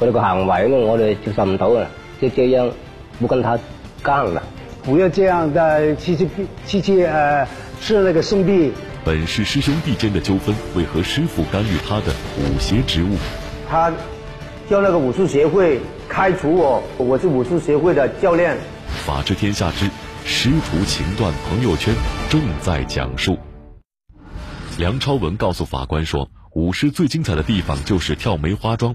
我、這、哋個行為呢，為我哋接受唔到啊！即係這樣，不跟他幹了不要這樣，再次次次次呃是那個兄弟。本是師兄弟間的糾紛，為何師父干預他的武協職務？他叫那個武術協會開除我，我是武術協會的教練。法治天下之師徒情斷朋友圈正在講述。梁超文告訴法官說，舞獅最精彩的地方就是跳梅花樁。